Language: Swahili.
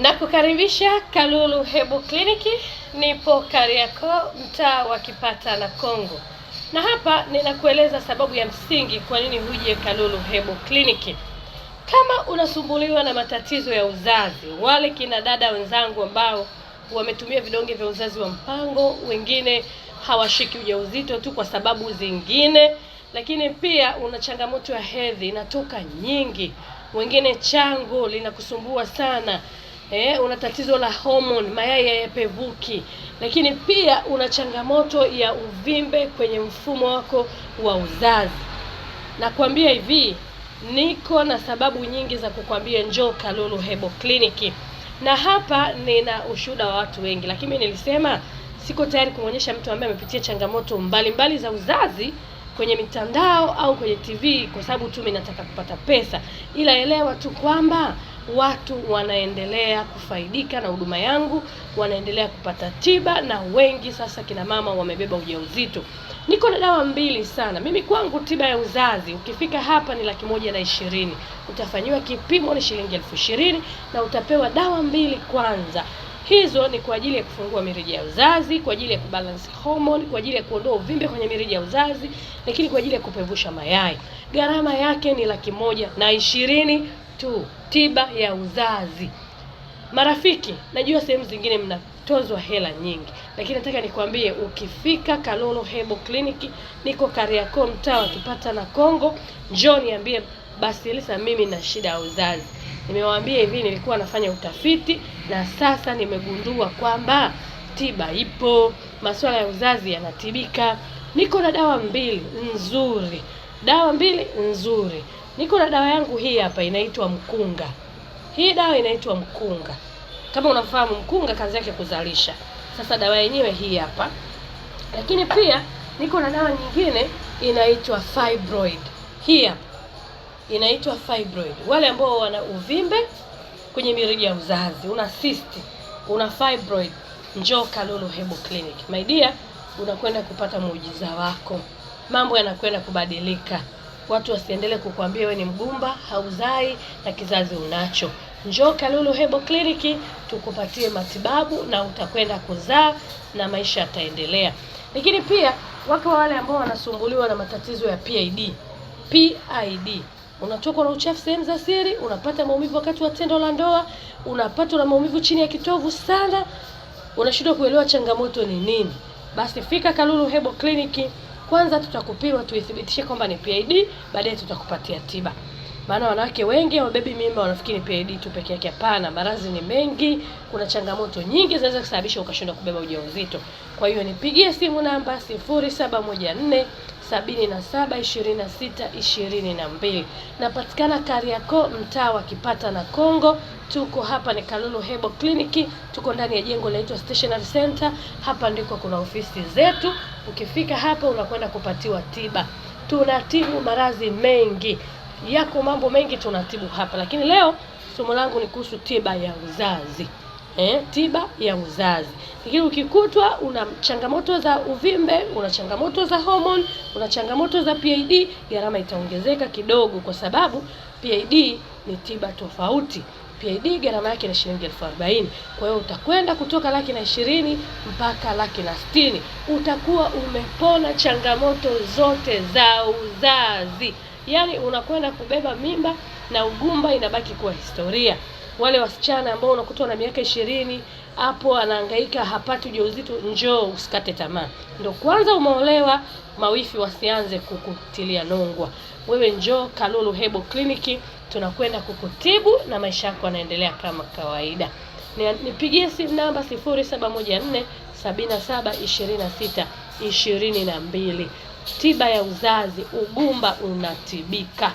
Nakukaribisha Kalulu Hebu Kliniki, nipo Kariakoo, mtaa wa Kipata na Kongo, na hapa ninakueleza sababu ya msingi kwa nini huje Kalulu Hebu Kliniki. Kama unasumbuliwa na matatizo ya uzazi, wale kina dada wenzangu ambao wametumia vidonge vya uzazi wa mpango, wengine hawashiki ujauzito tu kwa sababu zingine, lakini pia una changamoto ya hedhi inatoka nyingi, wengine chango linakusumbua sana eh, una tatizo la homoni, mayai hayapevuki, lakini pia una changamoto ya uvimbe kwenye mfumo wako wa uzazi. Nakwambia hivi, niko na sababu nyingi za kukwambia njoo Kalulu Hebo Clinic, na hapa nina ushuhuda wa watu wengi, lakini nilisema siko tayari kumwonyesha mtu ambaye amepitia changamoto mbalimbali mbali za uzazi kwenye mitandao au kwenye TV kwa sababu tu mimi nataka kupata pesa, ila elewa tu kwamba watu wanaendelea kufaidika na huduma yangu, wanaendelea kupata tiba, na wengi sasa kina mama wamebeba ujauzito. Niko na dawa mbili sana mimi. Kwangu tiba ya uzazi ukifika hapa ni laki moja na ishirini, utafanyiwa kipimo ni shilingi elfu ishirini na utapewa dawa mbili kwanza hizo ni kwa ajili ya kufungua mirija ya uzazi, kwa ajili ya kubalance hormone, kwa ajili ya kuondoa uvimbe kwenye mirija ya uzazi, lakini kwa ajili ya kupevusha mayai. Gharama yake ni laki moja na ishirini tu tiba ya uzazi. Marafiki, najua sehemu zingine mnatozwa hela nyingi, lakini nataka nikwambie, ukifika Kalolo Hebo Clinic, niko Kariakoo, mtaa wa Kipata na Kongo, njoo niambie basi mimi na shida ya uzazi. Nimewaambia hivi, nilikuwa nafanya utafiti na sasa nimegundua kwamba tiba ipo, masuala ya uzazi yanatibika. Niko na dawa mbili nzuri, dawa mbili nzuri Niko na dawa yangu hii hapa inaitwa mkunga. Hii dawa inaitwa mkunga. Kama unafahamu mkunga kazi yake kuzalisha. Sasa dawa yenyewe hii hapa. Lakini pia niko na dawa nyingine inaitwa fibroid. Hii hapa inaitwa fibroid. Wale ambao wana uvimbe kwenye mirija ya uzazi, una cyst, una fibroid, njoo Kalolo Herbal Clinic. My dear, unakwenda kupata muujiza wako. Mambo yanakwenda kubadilika watu wasiendelee kukuambia wewe ni mgumba, hauzai na kizazi unacho. Njoo Kalulu Hebo Kliniki tukupatie matibabu na utakwenda kuzaa na maisha yataendelea. Lakini pia wako wale ambao wanasumbuliwa na matatizo ya PID. PID unatokwa na uchafu sehemu za siri, unapata maumivu wakati wa tendo la ndoa, unapata na maumivu chini ya kitovu sana, unashindwa kuelewa changamoto ni nini. Basi fika Kalulu Hebo Kliniki kwanza tutakupima tuithibitishe kwamba ni PID, baadaye tutakupatia tiba maana wanawake wengi wabebi mimba wanafikiri ni PID tu peke yake. Hapana, maradhi ni mengi, kuna changamoto nyingi zinaweza kusababisha ukashindwa kubeba ujauzito. Kwa hiyo nipigie simu namba 0714 Napatikana Kariakoo, mtaa wa Kipata na Kongo. Tuko hapa ni Kalulu Hebo Kliniki, tuko ndani ya jengo linaloitwa Stationary Center. Hapa ndiko kuna ofisi zetu. Ukifika hapa unakwenda kupatiwa tiba, tunatibu maradhi mengi yako mambo mengi tunatibu hapa, lakini leo somo langu ni kuhusu tiba ya uzazi eh, tiba ya uzazi. Lakini ukikutwa una changamoto za uvimbe, una changamoto za hormone, una changamoto za PID, gharama itaongezeka kidogo, kwa sababu PID ni tiba tofauti. PID gharama yake ni shilingi elfu arobaini. Kwa hiyo utakwenda kutoka laki na ishirini mpaka laki na sitini. Utakuwa umepona changamoto zote za uzazi yani unakwenda kubeba mimba na ugumba inabaki kuwa historia. Wale wasichana ambao unakuta na miaka ishirini hapo anahangaika hapati ujauzito, njoo usikate tamaa. Ndo kwanza umeolewa, mawifi wasianze kukutilia nongwa. Wewe njoo Kalulu Hebo Kliniki, tunakwenda kukutibu na maisha yako yanaendelea kama kawaida. Nipigie simu namba 0714 77 26 22 tiba ya uzazi, ugumba unatibika.